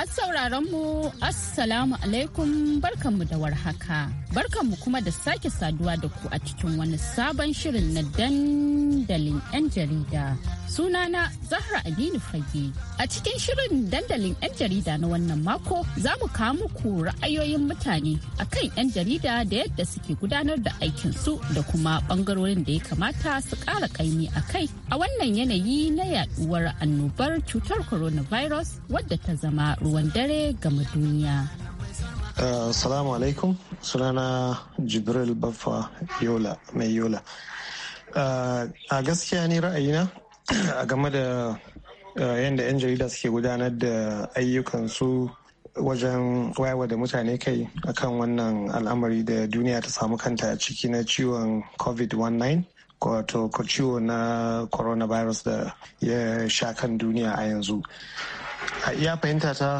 Masu sauraron mu Assalamu alaikum barkanmu da warhaka. Barkanmu kuma da sake saduwa da ku a cikin wani sabon shirin na dandalin 'yan jarida. suna na Zahra Aminu Fage. A cikin shirin dandalin 'yan jarida na wannan mako za mu kawo muku ra'ayoyin mutane akan 'yan jarida da yadda suke gudanar da aikinsu da kuma bangarorin da ya kamata su ƙara ƙaimi a kai a wannan yanayi na yaduwar annobar cutar coronavirus wadda ta zama ruwan dare game duniya. Eh, assalamu alaikum sunana Jibril Baffa Yola mai Yola. Eh, a gaskiya ne ra'ayina a game da eh, yadda 'yan jarida suke gudanar da ayyukansu wajen wayewa da mutane kai akan wannan al'amari da duniya ta samu kanta ciki na ciwon covid-19 wato ciwo na coronavirus da ya sha kan duniya a yanzu a iya fahimta ta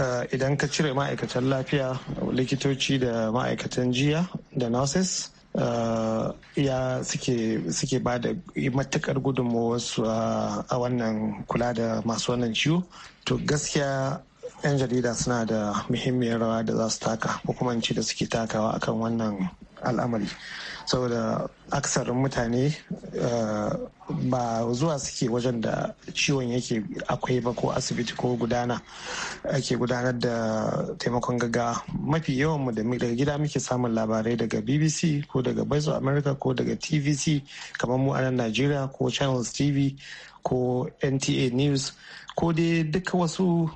eh, idan ka cire ma'aikatan lafiya likitoci da ma'aikatan jiya da nurses eh, ya suke ba da matukar gudunmawarsu a wannan kula da masu wannan ciwo to gaskiya 'yan jarida suna da muhimmiyar rawa da za su taka ko da suke takawa akan wannan al'amari saboda aksarin mutane eh, ba zuwa suke wajen da ciwon yake akwai ba ko asibiti ko gudana ake gudanar da taimakon gaggawa mafi yawan mu daga gida muke samun labarai daga bbc ko daga voice of america ko daga tvc kamar mu a nan najeriya ko channels tv ko nta news ko dai duka wasu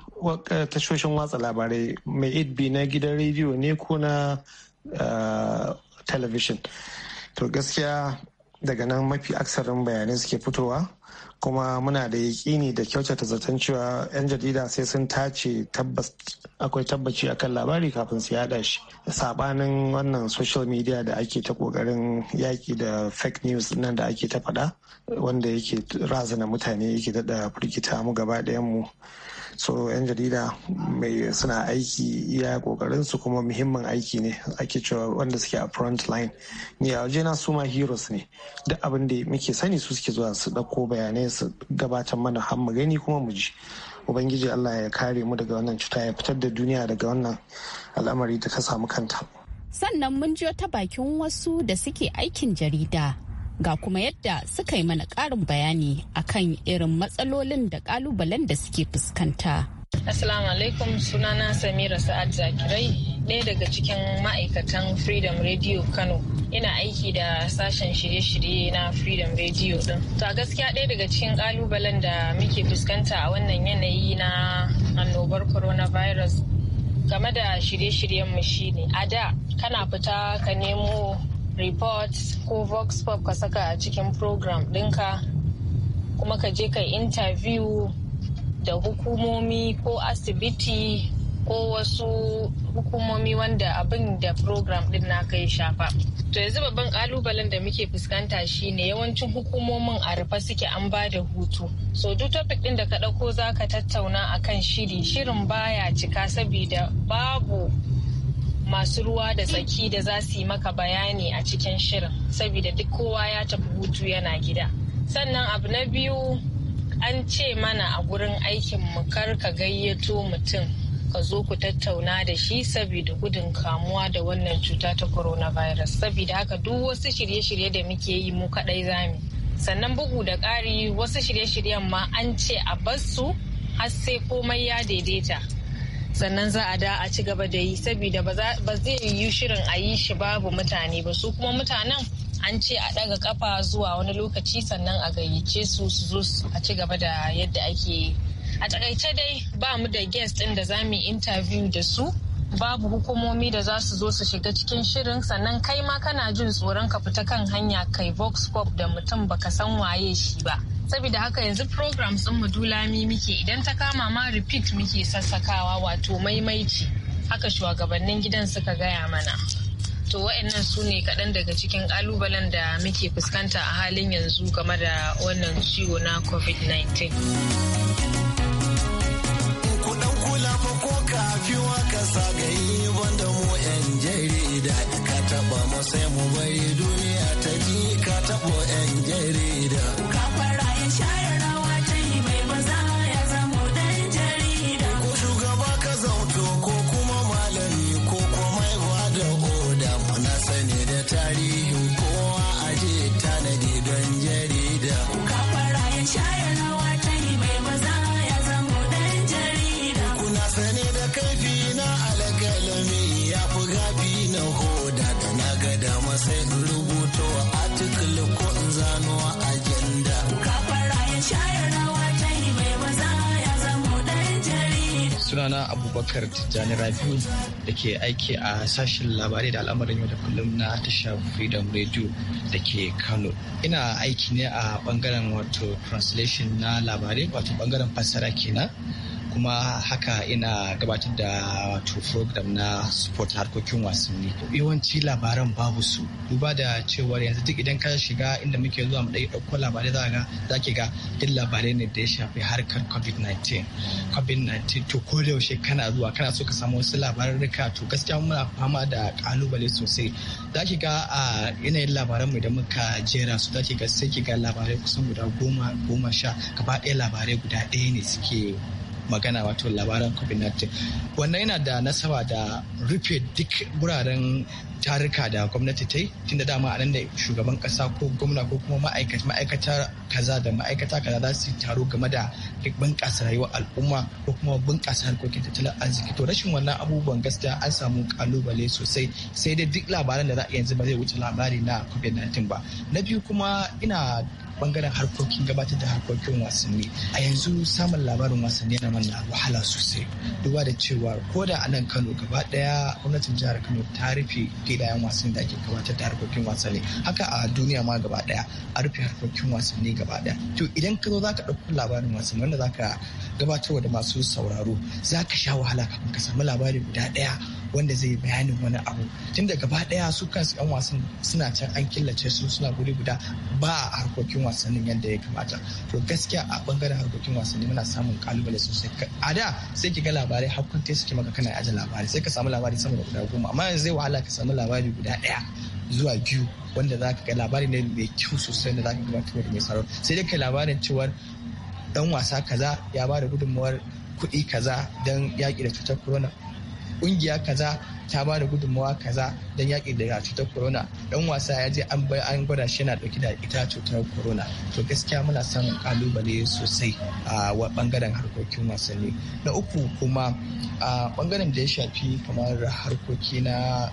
tashoshin watsa labarai mai 8b na gidan rediyo ne ko na eh, television to gaskiya daga nan mafi aksarin bayanai suke fitowa kuma muna da yaƙini da kyautata zaton cewa 'yan jarida sai sun tace tabbas akwai tabbaci akan labari kafin su yada shi sabanin wannan social media da ake ta kokarin yaki da fake news nan da ake ta faɗa wanda yake razana mutane yake daɗa firgita mu gaba ɗayan mu so yan jarida mai suna aiki iya kokarin su kuma muhimmin aiki ne ake cewa wanda suke a front line ni a waje na suma ma heroes ne duk abin da muke sani su suke zuwa su dauko bayanai su gabatar mana har mu gani kuma mu ji ubangiji allah ya kare mu daga wannan cuta ya fitar da duniya daga wannan al'amari da ka samu kanta sannan mun ji ta bakin wasu da suke aikin jarida ga kuma yadda suka yi mana ƙarin bayani akan irin matsalolin da ƙalubalen da suke fuskanta. Assalamu alaikum sunana Samira Sa'ad Zakirai ɗaya daga cikin ma'aikatan Freedom Radio Kano. Ina aiki da sashen shirye-shirye na Freedom Radio ɗin. To a gaskiya ɗaya daga cikin ƙalubalen da muke fuskanta a wannan yanayi na annobar coronavirus game da shirye-shiryenmu shiryen shine a da kana fita ka nemo report ko vox pop ka saka a cikin program ɗinka kuma ka je ka interview da hukumomi ko asibiti ko wasu hukumomi wanda abin da program din na kai shafa. To yanzu babban kalubalen da muke fuskanta shine yawancin hukumomin a rufe suke an ba da hutu. So duk topic ɗin da ka ɗauko za ka tattauna akan shiri, shirin baya cika saboda babu masu ruwa da tsaki da za su yi maka bayani a cikin shirin saboda duk kowa ya tafi hutu yana gida sannan abu na biyu an ce mana a gurin aikin mu kar ka gayyato mutum ka zo ku tattauna da shi saboda gudun kamuwa da wannan cuta ta coronavirus saboda haka duk wasu shirye-shirye da muke yi mu kadai zami sannan bugu da ƙari wasu shirye-shiryen ma an ce a bar su har sai komai ya daidaita sannan za a da a ci gaba da yi saboda ba zai yi shirin a yi shi babu mutane ba su kuma mutanen an ce a daga kafa zuwa wani lokaci sannan a gayyace su su zo a ci gaba da yadda ake yi. a takaice dai ba mu da guest din da za mu interview da su babu hukumomi da za su zo su shiga cikin shirin sannan kai ma kana jin tsoron ka fita kan hanya kai vox pop da mutum baka san waye shi ba saboda haka yanzu programs ɗin mu dulami muke idan ta kama ma repeat muke sassakawa wato maimaici haka shugabannin gidan suka gaya mana to wa'annan su ne kaɗan daga cikin ƙalubalen da muke fuskanta a halin yanzu game da wannan ciwo na covid-19 sai mu bari duniya ta ji ka taɓo 'yan jere sunana abubakar tijjani rabiu da ke aiki a sashen labarai da al'amarin yau da kullum na Tasha freedom radio da ke kano ina aiki ne a bangaren wato translation na labarai wato bangaren fassara kenan kuma haka ina gabatar da wato program na sport harkokin wasanni yawanci labaran babu su duba da cewar yanzu duk idan ka shiga inda muke zuwa mu dai dauko labarai za ga za ki ga duk labarai ne da ya shafi harkar covid-19 covid-19 to ko da yaushe kana zuwa kana so ka samu wasu rika to gaskiya muna fama da kalubale sosai za ki ga a yanayin labaran mu idan muka jera su za ki ga sai ki ga labarai kusan guda goma goma sha gaba ɗaya labarai guda ɗaya ne suke magana wato labaran covid-19 wannan yana da nasaba da rufe duk wuraren tarika da gwamnati ta yi tun da dama anan da shugaban kasa ko gwamna ko kuma ma'aikata kaza da ma'aikata kaza za su taro game da bunƙasa rayuwar al'umma ko kuma bunƙasa harkokin tattalin arziki to rashin wannan abubuwan gaskiya an samu kalubale sosai sai dai duk labaran da za a yanzu ba zai wuce labari na covid-19 ba na biyu kuma ina bangaren harkokin gabatar da harkokin wasanni a yanzu samun labarin wasanni na mana wahala sosai duba da cewa ko da a nan kano gaba daya gwamnatin jihar kano ta rufe gidayen wasanni da ake gabatar da harkokin wasanni haka a duniya ma gaba daya a rufe harkokin wasanni gaba daya to idan ka zo za ka ɗauki labarin wasanni wanda za ka gabatarwa da masu sauraro za ka sha wahala kafin ka samu labari guda daya wanda zai bayanin wani abu tun da gaba daya su kansu yan wasan suna can an killace su suna guri guda ba a harkokin wasannin yadda ya kamata to gaskiya a bangaren harkokin wasanni muna samun kalubale sosai a da sai ki ga labarai hakkunte suke maka kana aje labari sai ka samu labari sama da guda goma amma yanzu zai wahala ka samu labari guda daya zuwa biyu wanda za ka ga labari ne mai kyau sosai da za ka gabatar da mai tsaro sai dai ka labarin cewar dan wasa kaza ya ba da gudunmawar kuɗi kaza don yaƙi da cutar corona kungiya kaza ta ba da gudummawa kaza don yaƙi da cutar corona dan wasa ya je an an gwada shi yana dauki da ita cutar corona to gaskiya muna son kalubale sosai a bangaren harkokin wasanni na uku kuma a bangaren da ya shafi kamar harkoki na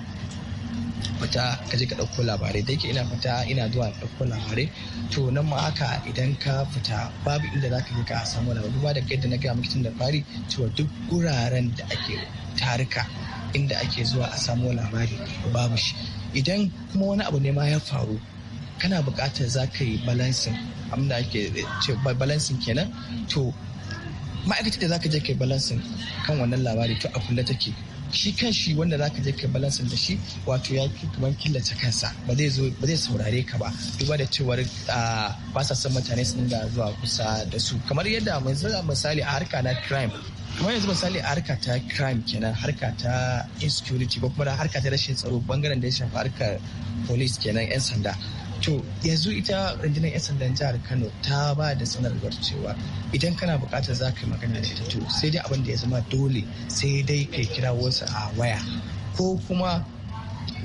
fita kaje ka ɗauko labarai dai ke ina fita ina zuwa ɗauko labarai to nan ma haka idan ka fita babu inda za ka je ka samu labarai duba da yadda na gaya maka tun da fari cewa duk wuraren da ake tarika inda ake zuwa a samu labari babu shi idan kuma wani abu ne ma ya faru kana buƙatar za ka yi balansin abinda ake ce balansin kenan to ma'aikacin da za ka je ka yi balansin kan wannan labari to a kulle take shi kan shi wanda za ka je ka balansa da shi wato ya fi kamar killace kansa ba zai zo saurare ka ba duba da cewar ba sa son mutane sun da zuwa kusa da su kamar yadda misali a harka na crime kuma yanzu misali a harka ta crime kenan harka ta insecurity ko kuma harka ta rashin tsaro bangaren da ya shafi harkar police kenan yan sanda to yanzu ita rundunar 'yan sandan jihar kano ta ba da sanarwar cewa idan kana bukatar za ka yi magana da ita to sai dai abin da ya zama dole sai dai kai kira wasu a waya ko kuma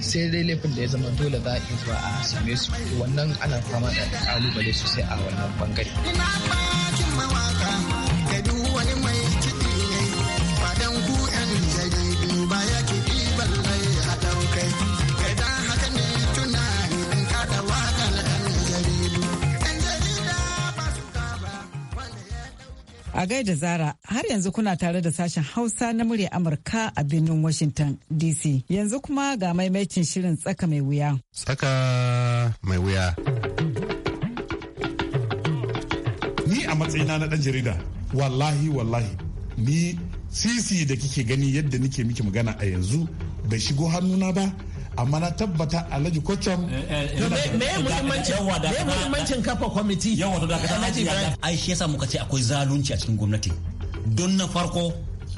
sai dai laifin da ya zama dole za a iya zuwa a same su wannan ana fama da kalubale sosai a wannan bangare. A gaida Zara har yanzu kuna tare da sashen Hausa na murya Amurka a birnin Washington DC. Yanzu kuma ga maimaitin shirin tsaka mai wuya. Tsaka mai wuya. Ni a matsayina na ɗan jarida, wallahi wallahi, ni sisi da kike gani yadda nike miki magana a yanzu bai shigo hannuna ba amma na tabbata alhaji kwatam eh, eh, eh, me muhimmancin kafa kwamiti da alhaji ai shi yasa muka ce akwai zalunci a cikin gwamnati don na farko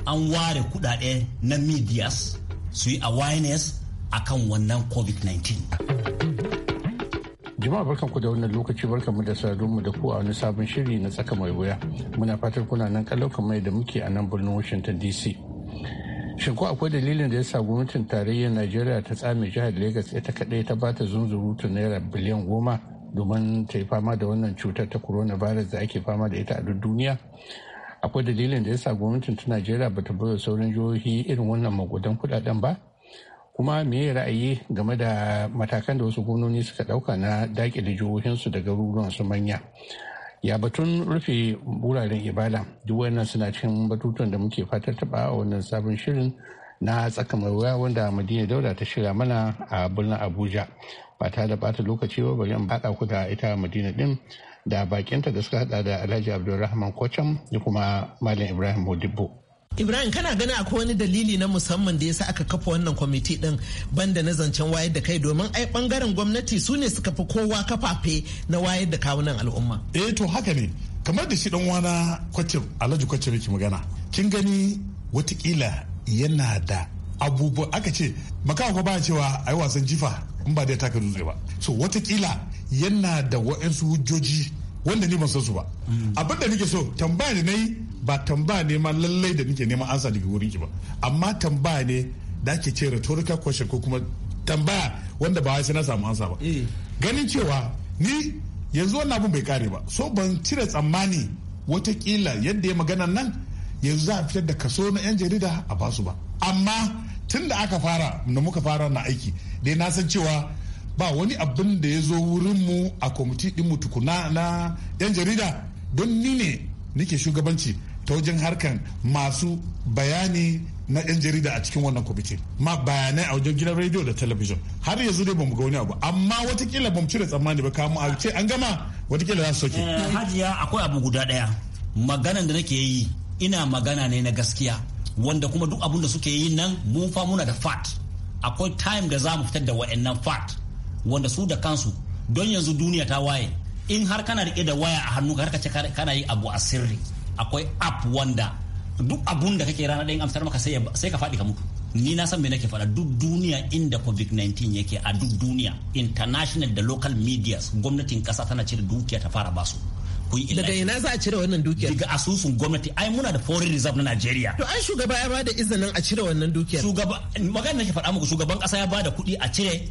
an ware kudade na medias su yi awareness kan wannan covid-19 jama'a barkan ku da wannan lokaci barkan mu da sadon mu da ku a wani sabon shiri na tsaka mai wuya muna fatar kuna nan kalau kamar da muke a nan birnin washington dc shin ko akwai dalilin da ya sa gwamnatin tarayyar najeriya ta tsame jihar lagos ita kadai ta bata zunzurutu naira biliyan goma domin ta yi fama da wannan cutar ta coronavirus da ake fama da ita a duk duniya akwai dalilin da ya sa gwamnatin ta najeriya bata bar sauran jihohi irin wannan magudan kudaden ba kuma me ra'ayi game da matakan da wasu gwamnoni suka dauka na dakile jihohinsu da garuruwan su manya ya batun rufe wuraren ibada duk wannan suna cikin batutuwan da muke fatar taba a wannan sabon shirin na tsaka mai wanda madina dauda ta shirya mana a birnin abuja ba ta da bata lokaci ba bari in ku da ita madina din da bakinta da suka hada da alhaji abdulrahman kocham da kuma malam ibrahim modibbo Ibrahim kana gani akwai wani dalili na musamman da yasa aka kafa wannan kwamiti din banda na zancen wayar da kai domin ai bangaren gwamnati su ne suka fi kowa kafafe na wayar da kawunan al'umma. Eh to haka ne kamar da shi dan wana kwacir Alhaji kwacir yake magana kin gani watakila yana da abubuwa aka ce makawa ba cewa ai wasan jifa in ba da ya taka dutse ba so watakila yana da wa'ansu hujjoji wanda ni ban san su ba mm. abin da nake so tambaya da na yi ba tambaya ne ma lallai da nake neman ansa daga wurin ki ba amma tambaya ne da ake ce rhetorical question ko kuma tambaya wanda ba wai sai na samu ansa ba eh. ganin cewa ni yanzu wannan abin bai kare ba so ban cire tsammani watakila yadda ya magana nan yanzu za a fitar da kaso na 'yan jarida a basu ba amma tun da aka fara da muka fara na aiki dai na san cewa ba wani abin da ya zo wurinmu a kwamiti ɗinmu tukuna na 'yan jarida don ni ne nake shugabanci ta wajen harkan masu bayani na 'yan jarida a cikin wannan kwamiti ma bayanai a wajen gidan rediyo da talabijin har yanzu dai bamu ga wani abu amma watakila bamu cire tsammani ba kamu a ce an gama watakila za su soke. Eh, hajiya akwai abu guda ɗaya. maganan da nake yi ina magana ne na gaskiya wanda kuma duk abun da suke yi nan mun fa muna da fat akwai time da za mu fitar da wa'annan fat wanda su da kansu don yanzu duniya ta waye in har kana rike da waya a hannu har ka ce kana yi abu a sirri akwai app wanda duk abun da kake rana ɗayan amsar maka sai ka faɗi ka mutu ni na san me nake faɗa duk duniya inda covid-19 yake a duk duniya international da local media gwamnatin ƙasa tana cire dukiya ta fara basu daga ina za a cire wannan dukiyar daga asusun gwamnati ai muna da foreign reserve na Najeriya to ai shugaba ya bada izinin a cire wannan dukiyar shugaba magana nake faɗa muku shugaban ƙasa ya bada kuɗi a cire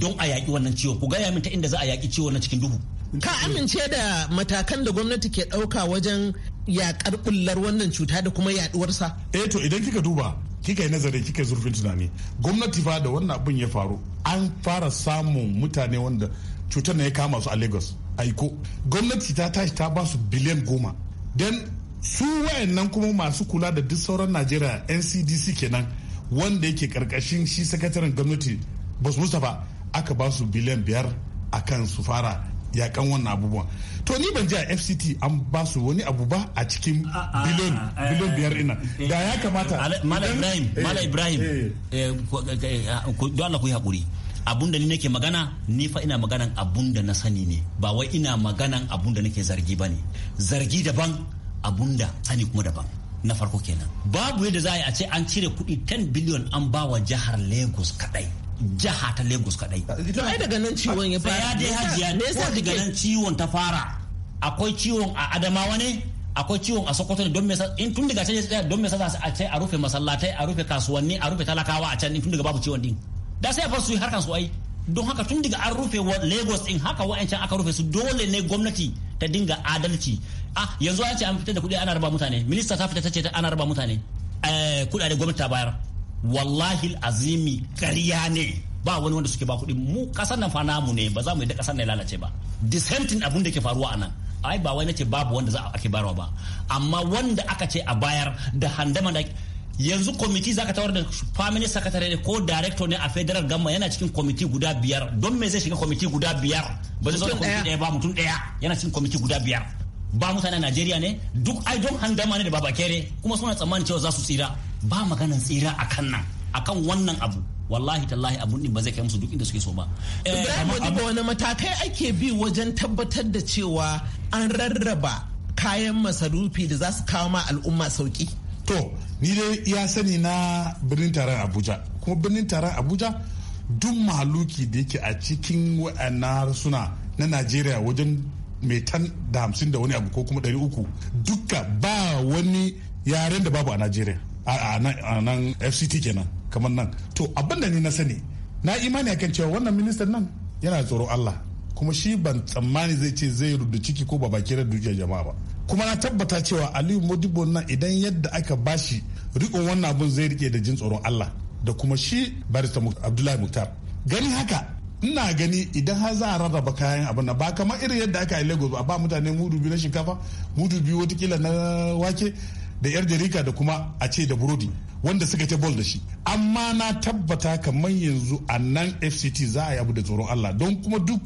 don a yaƙi wannan ciwon ku gaya min ta inda za a yaƙi ciwon na cikin duhu ka amince da matakan da gwamnati ke ɗauka wajen yakar bullar wannan cuta da kuma yaɗuwarsa. eh to idan kika duba kika yi nazari kika zurfin tunani gwamnati fa da wannan abin ya faru an fara samun mutane wanda cutar na ya kama su a lagos aiko gwamnati ta tashi ta ba su biliyan goma don su wayannan kuma masu kula da duk sauran najeriya ncdc kenan wanda yake karkashin shi sakataren gwamnati bas mustapha aka ba su biliyan biyar a kan su fara yakan wannan abubuwan to ni ban ji a fct an ba su wani abu ba a cikin biliyon biliyon biyar ina eh, da ya kamata mala ibrahim eh, mala ibrahim eh. ah, dole ku yi hakuri abun da ni nake magana ni fa ina maganan abun da na sani ne ba wai ina maganan abun da nake zargi ba ne zargi daban abun da sani kuma daban na farko kenan babu yadda za a ce an cire kuɗi 10 biliyon an ba wa jihar lagos kadai jiha ta Lagos kadai. To ai daga nan ciwon ya fara. Ya dai hajiya ne sai daga nan ciwon ta fara. Akwai ciwon a Adamawa ne akwai ciwon a Sokoto ne don me in tun daga can ya tsaya don me za a ce a rufe masallatai a rufe kasuwanni a rufe talakawa a can tun daga babu ciwon din. Da sai a fara su yi harkan su ai. Don haka tun daga an rufe Lagos din haka wa'ancan aka rufe su dole ne gwamnati ta dinga adalci. Ah yanzu an ce an fitar da kuɗi ana raba mutane. Minista ta fita ta ce ana raba mutane. Eh, kuɗaɗe gwamnati ta bayar. wallahi azimi ƙarya ne ba wani wanda suke ba kuɗi mu ƙasar nan fana mu ne ba za mu yi da ƙasar nan lalace ba the same thing abin da ke faruwa a nan ai ba wai nace babu wanda za a ake bayarwa ba amma wanda aka ce a bayar da handama da yanzu kwamiti zaka tawar da family secretary ko director ne a federal gamma yana cikin kwamiti guda biyar don me zai shiga kwamiti guda biyar ba zai zo da daya ba mutum daya yana cikin kwamiti guda biyar ba mutane a Najeriya ne duk ai don handama ne da babakere kuma suna tsammanin cewa za su tsira ba magana tsira a kan nan a kan wannan abu wallahi tallahi abun din ba zai kai musu duk inda suke so ba. Ibrahim eh, wani matakai ake bi wajen tabbatar da cewa an rarraba kayan masarufi da za su kawo ma al'umma sauki. To, ni dai ya sani na birnin taron Abuja, kuma birnin taron Abuja duk mahaluki da yake a cikin wa'annan harsuna na Najeriya wajen mai tan da hamsin da wani abu ko kuma ɗari uku duka ba wani yaren da babu a Najeriya. a nan fct kenan kamar nan to abin da ni na sani na imani akan cewa wannan ministan nan yana tsoro allah kuma shi ban tsammani zai ce zai rudu ciki ko ba baki dukiyar jama'a ba kuma na tabbata cewa aliyu modibo nan idan yadda aka bashi riƙon wannan abun zai rike da jin tsoron allah da kuma shi barista abdullahi muktar gani haka ina gani idan har za a rarraba kayan abin nan ba kamar irin yadda aka yi lagos ba mutane mudu biyu na shinkafa mudu biyu watakila na wake da yar jarika da kuma a ce da burodi wanda suka ta bol da shi amma na tabbata kamar yanzu a nan fct za a yi abu da tsoron allah don kuma duk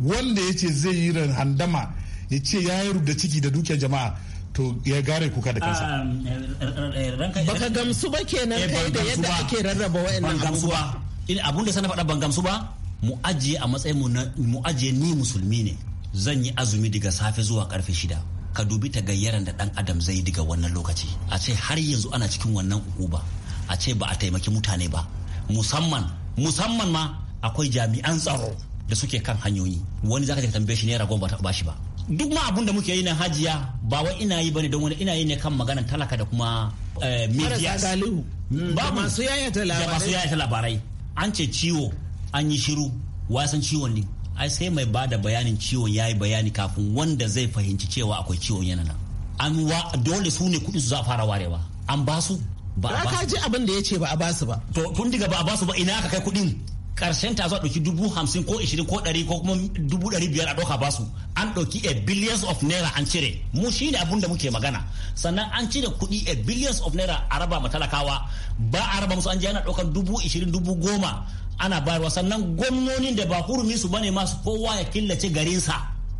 wanda ya ce zai yi ran handama ya ce ya yi da ciki da dukiyar jama'a to ya gare kuka da kansa um, eh, eh, eh, baka gamsu ba kenan kai da yadda ake rarraba wa'annan abubuwa abun da sana faɗa ban gamsu ba mu ajiye a matsayin mu ajiye ni musulmi ne zan yi azumi daga safe zuwa karfe shida ka dubi ta gayyaran da dan adam zai yi daga wannan lokaci a ce har yanzu ana cikin wannan ukuba a ce ba a taimaki mutane ba musamman musamman ma akwai jami'an tsaro da suke kan hanyoyi wani zaka ka tambaye shi naira goma ba ta bashi ba duk ma abun da muke yi na hajiya ba wai ina yi bane don wani ina yi ne kan maganar talaka da kuma eh, media mm, ba masu yayata labarai an ce ciwo an yi shiru wasan ciwon ne ai sai mai bada bayanin ciwon yayi bayani kafin wanda zai fahimci cewa akwai ciwon yana nan an wa dole su ne kuɗin su za fara warewa an ba su ba a ba ji abin da ya ce ba a ba su ba to tun diga ba a ba su ba ina ka kai kuɗin karshen ta zuwa dauki dubu hamsin ko ishirin ko dari ko kuma dubu dari biyar a ɗauka basu an dauki a billions of naira an cire mu shi ne abun da muke magana sannan an cire kuɗi a billions of naira a raba ma talakawa ba a raba musu an je ana ɗaukan dubu ishirin dubu goma ana bayarwa sannan gwamnonin da ba hurumi su bane masu kowa ya killace garinsa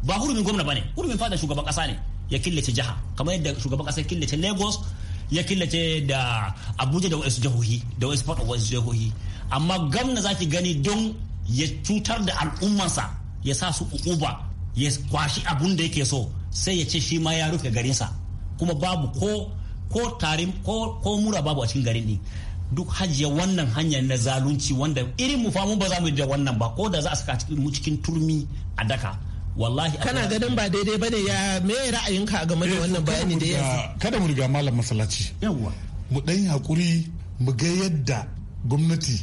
ba hurumin gwamna bane hurumin fada shugaban kasa ne ya killace jiha kamar yadda shugaban kasa ya killace Lagos ya killace da Abuja da wasu jihohi da wasu fada wasu jihohi amma gwamna zaki gani don ya cutar da al'ummansa ya sa su ukuba ya kwashi abun da yake so sai ya ce shi ma ya rufe garinsa kuma babu ko ko tarin ko, ko mura babu a cikin garin ne duk hajiya wannan hanya na zalunci wanda irin mu famu ba za mu da wannan ba ko da za a saka mu cikin turmi a daka wallahi kana ganin ba daidai bane ya me ra'ayinka game da eh, wannan bayani da yanzu kada mu riga malam masallaci yawa mu dan hakuri mu ga yadda gwamnati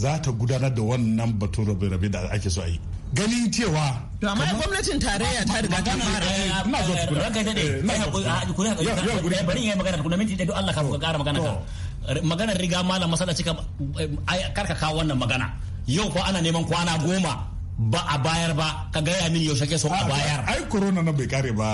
za ta gudanar da wannan batun rabe-rabe da ake so a yi ganin cewa to amma gwamnatin tarayya ta riga ta fara ina zo tukuna ranka ne ina hakuri hakuri bari in yi magana tukuna minti da duk Allah ka kara magana ka maganar riga malam masallaci ka karkaka wannan magana yau ko ana neman kwana goma ba a bayar ba ka gaya min yaushe ke so a bayar ai corona na bai kare ba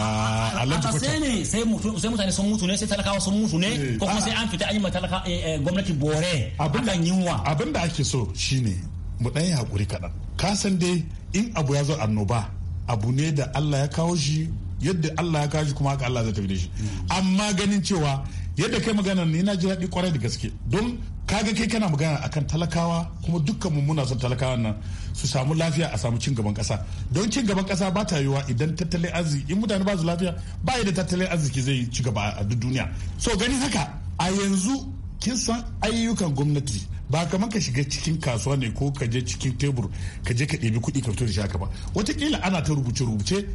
alhaji kwata sai ne sai mutu sai mutane sun mutu ne sai talakawa sun mutu ne eh, ko kuma sai an fita an yi talaka eh, eh, gwamnati bore akan yunwa abinda ake so shine mu dan yi hakuri kadan ka san dai in abu ya zo annoba abu ne da Allah ya kawo shi yadda Allah ya kawo shi kuma haka Allah zai tafi da shi hmm. amma ganin cewa yadda kai magana ne na ji daɗi kwarai da gaske don kaga kai kana magana akan talakawa kuma dukkan muna son talakawan nan su samu lafiya a samu cin gaban kasa don cin gaban kasa ba ta yiwa idan tattalin arziki in mutane ba su lafiya ba da tattalin arziki zai ci gaba a duk duniya so gani haka a yanzu kin san ayyukan gwamnati ba kamar ka shiga cikin kasuwa ne ko ka je cikin tebur ka je ka ɗebi kuɗi ka fito da shaka ba wataƙila ana ta rubuce rubuce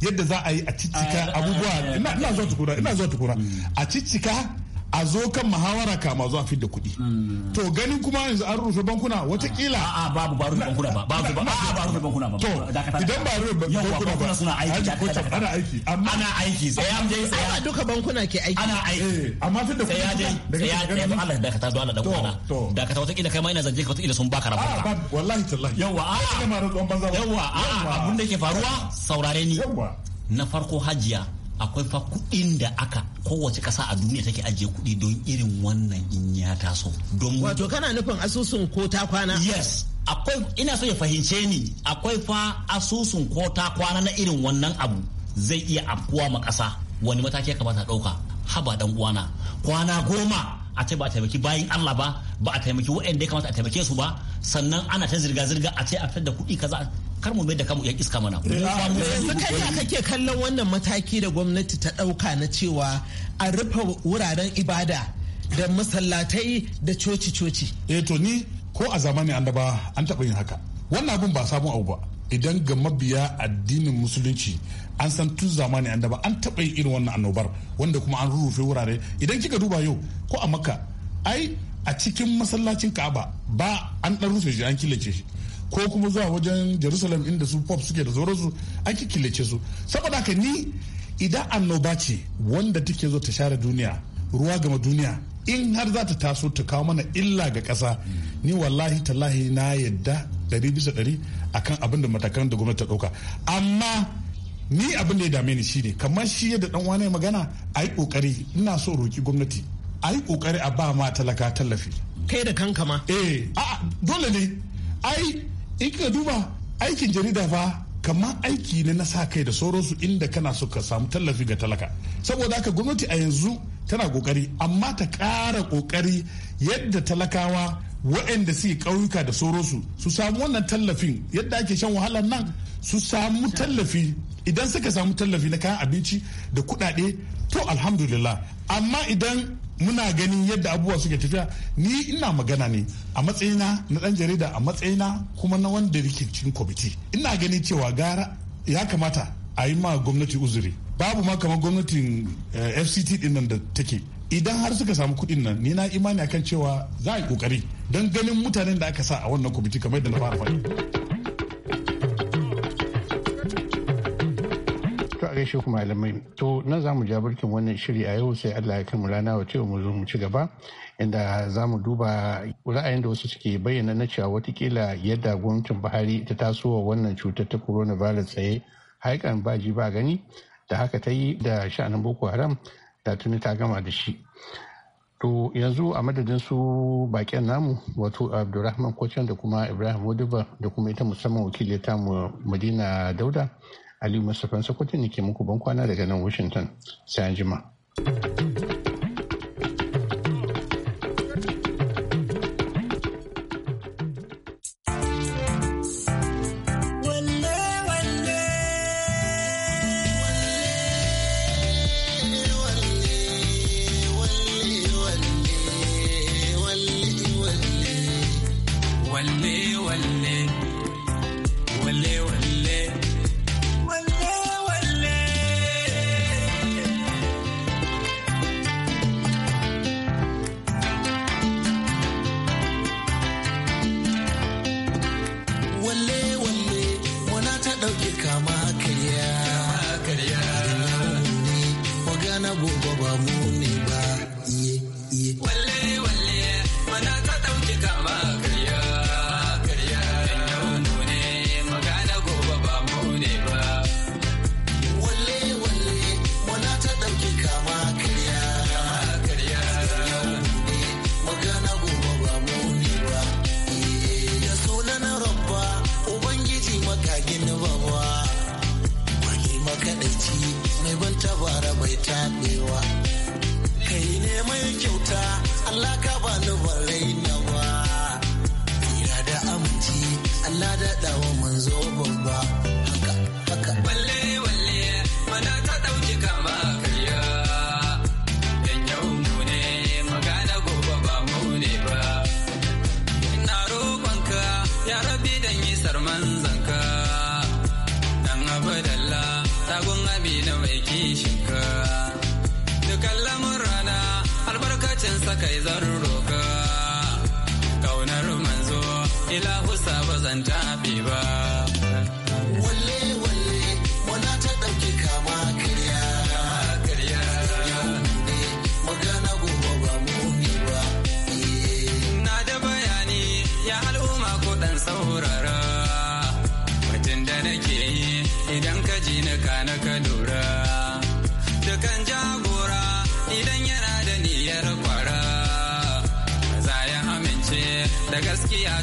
yadda za a yi a ciccika ah, abubuwa ah, ah, ina zuwa tukura ina zuwa tukura a ciccika a zo kan muhawara kama zuwa fidda kuɗi. To ganin kuma yanzu an rufe bankuna watakila. A'a babu ba rufe bankuna ba. Babu ba ba rufe bankuna ba. To idan ba rufe bankuna suna aiki. Ana aiki. Amma ana aiki. Sai an je sai duka bankuna ke aiki. Ana aiki. Eh, amma fidda kuɗi. Sai ya je sai ya je Allah da kata dole da kwana. Da kata watakila kai ma ina zanje ka watakila sun baka rabon. Wallahi tallahi. Yawwa a'a. Yawwa a'a abun da ke faruwa saurare ni. Yawwa. Na farko hajiya. akwai fa kuɗin da aka kowace ƙasa a duniya take ajiye kuɗi don irin wannan in ya taso. Don wato kana nufin asusun ko ta kwana? Yes. Akwai ina so ya fahimce ni akwai fa asusun ko ta kwana na irin wannan abu zai iya afkuwa ma ƙasa wani mataki ya kamata ɗauka haba dan uwana kwana goma a ce ba a taimaki bayan Allah ba ba a taimaki waɗanda ya kamata a taimake su ba sannan ana ta zirga-zirga a ce a fitar da kuɗi kaza kar mu mai da kamu ya iska mana. Yanzu kai kake kallon wannan mataki da gwamnati ta ɗauka na cewa a rufe wuraren ibada da masallatai da coci-coci. Eh to ni ko a zamanin annaba an taɓa yin haka. Wannan abin ba sabon abu ba. idan ga mabiya addinin musulunci an san tun zamani an daba an taɓa yi irin wannan annobar wanda kuma an rufe wurare idan kika duba yau ko a maka ai a cikin masallacin ka'aba ba an ɗan rufe shi an killace shi ko kuma zuwa wajen jerusalem inda su pop suke da su an killace su saboda haka ni idan annoba ce wanda take zo ta share duniya ruwa gama duniya in har za ta taso ta kawo mana illa ga ƙasa ni wallahi tallahi na yadda ɗari bisa ɗari akan abin da matakan da gwamnati ta ɗauka amma ni abin da ya dame ni shine kamar shi yadda ɗan wani magana a yi kokari ina so roki gwamnati a yi kokari a ba ma talaka tallafi kai da kanka ma eh a dole ne ai in ka duba aikin jarida fa kamar aiki ne na sa kai da sauransu inda kana so ka samu tallafi ga talaka saboda haka gwamnati a yanzu tana kokari amma ta ƙara kokari yadda talakawa waɗanda suke ƙauyuka da sauransu su samu wannan tallafin yadda ake shan wahalar nan su samu tallafi idan suka samu tallafi na kayan abinci da kuɗaɗe to alhamdulillah amma idan muna ganin yadda abubuwa suke tafiya ni ina magana ne a matsayina na ɗan jarida a matsayina kuma na wanda rikicin kwamiti ina ganin cewa gara ya kamata a yi ma gwamnati uzuri babu ma kamar gwamnatin eh, fct ɗinnan nan da take idan har suka samu kuɗin nan ni na imani akan cewa za a yi kokari don ganin mutanen da aka sa a wannan kwamiti kamar da na fara faɗi. a gaishe kuma malamai to nan za mu ja birkin wannan shiri a yau sai allah ya mu rana wace mu zo mu ci gaba inda za mu duba ra'ayin da wasu suke bayyana na cewa watakila yadda gwamnatin buhari ta taso wa wannan cutar ta coronavirus tsaye haikan baji ba gani da haka ta yi da sha'anin boko haram da tuni ta gama da shi to yanzu a madadin su baƙin namu wato abdulrahman kocan da kuma ibrahim wadiba da kuma ita musamman wakilin tamu madina dauda aliyu mustapha sokoto ne ke muku bankwana daga nan washington sai an jima.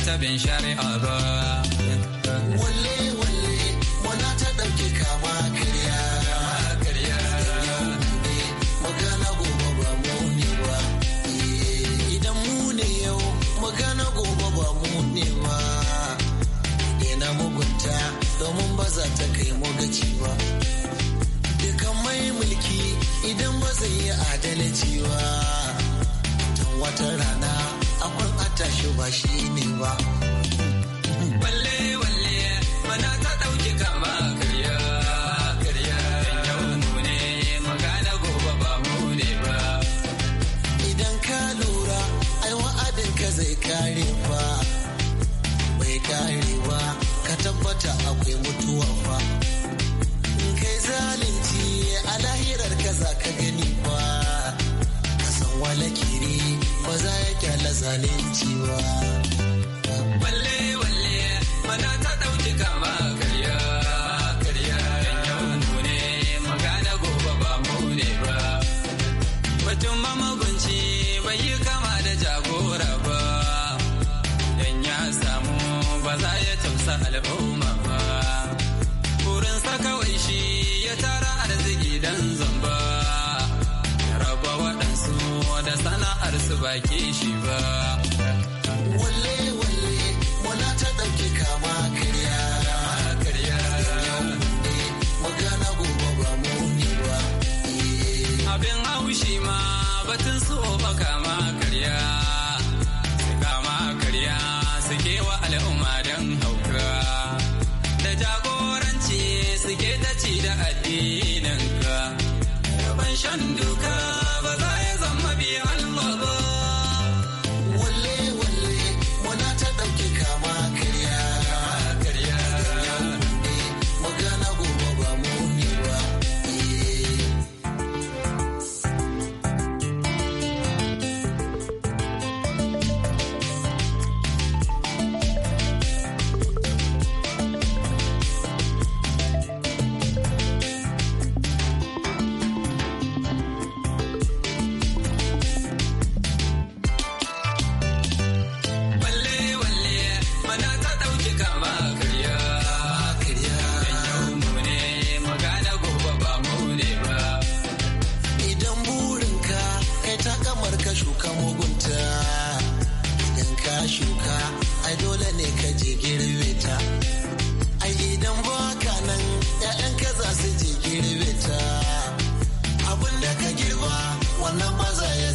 ta bin shari'a ba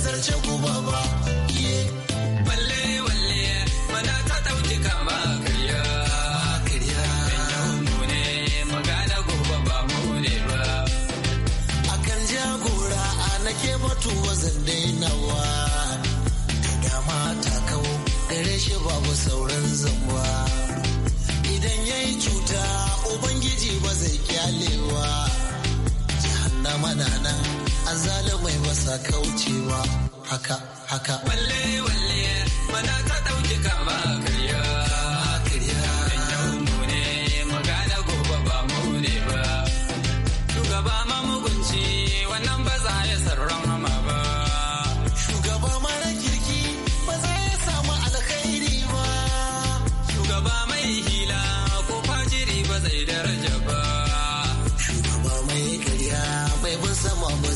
zarce guba ba azalumai ba sa kaucewa haka haka walle walle mana ta dauki kama karya karya mu ne magana gobe ba mu ne ba shugaba ma mugunci wannan ba za ya sarran hama ba shugaba mara kirki ba za ya samu alkhairi ba shugaba mai hila ko fajiri ba zai daraja ba shugaba mai karya bai sama ba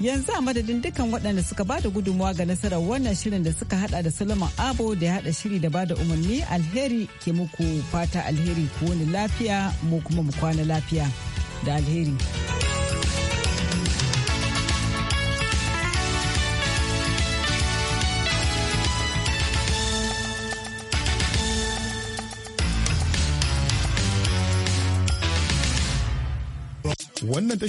yanzu a madadin dukkan waɗanda suka ba da gudunmawa ga nasarar wannan shirin da suka hada da solomon abo da ya hada shiri da ba da umarni alheri ke muku fata alheri ku wani lafiya mu kuma mu kwana lafiya da alheri. Wannan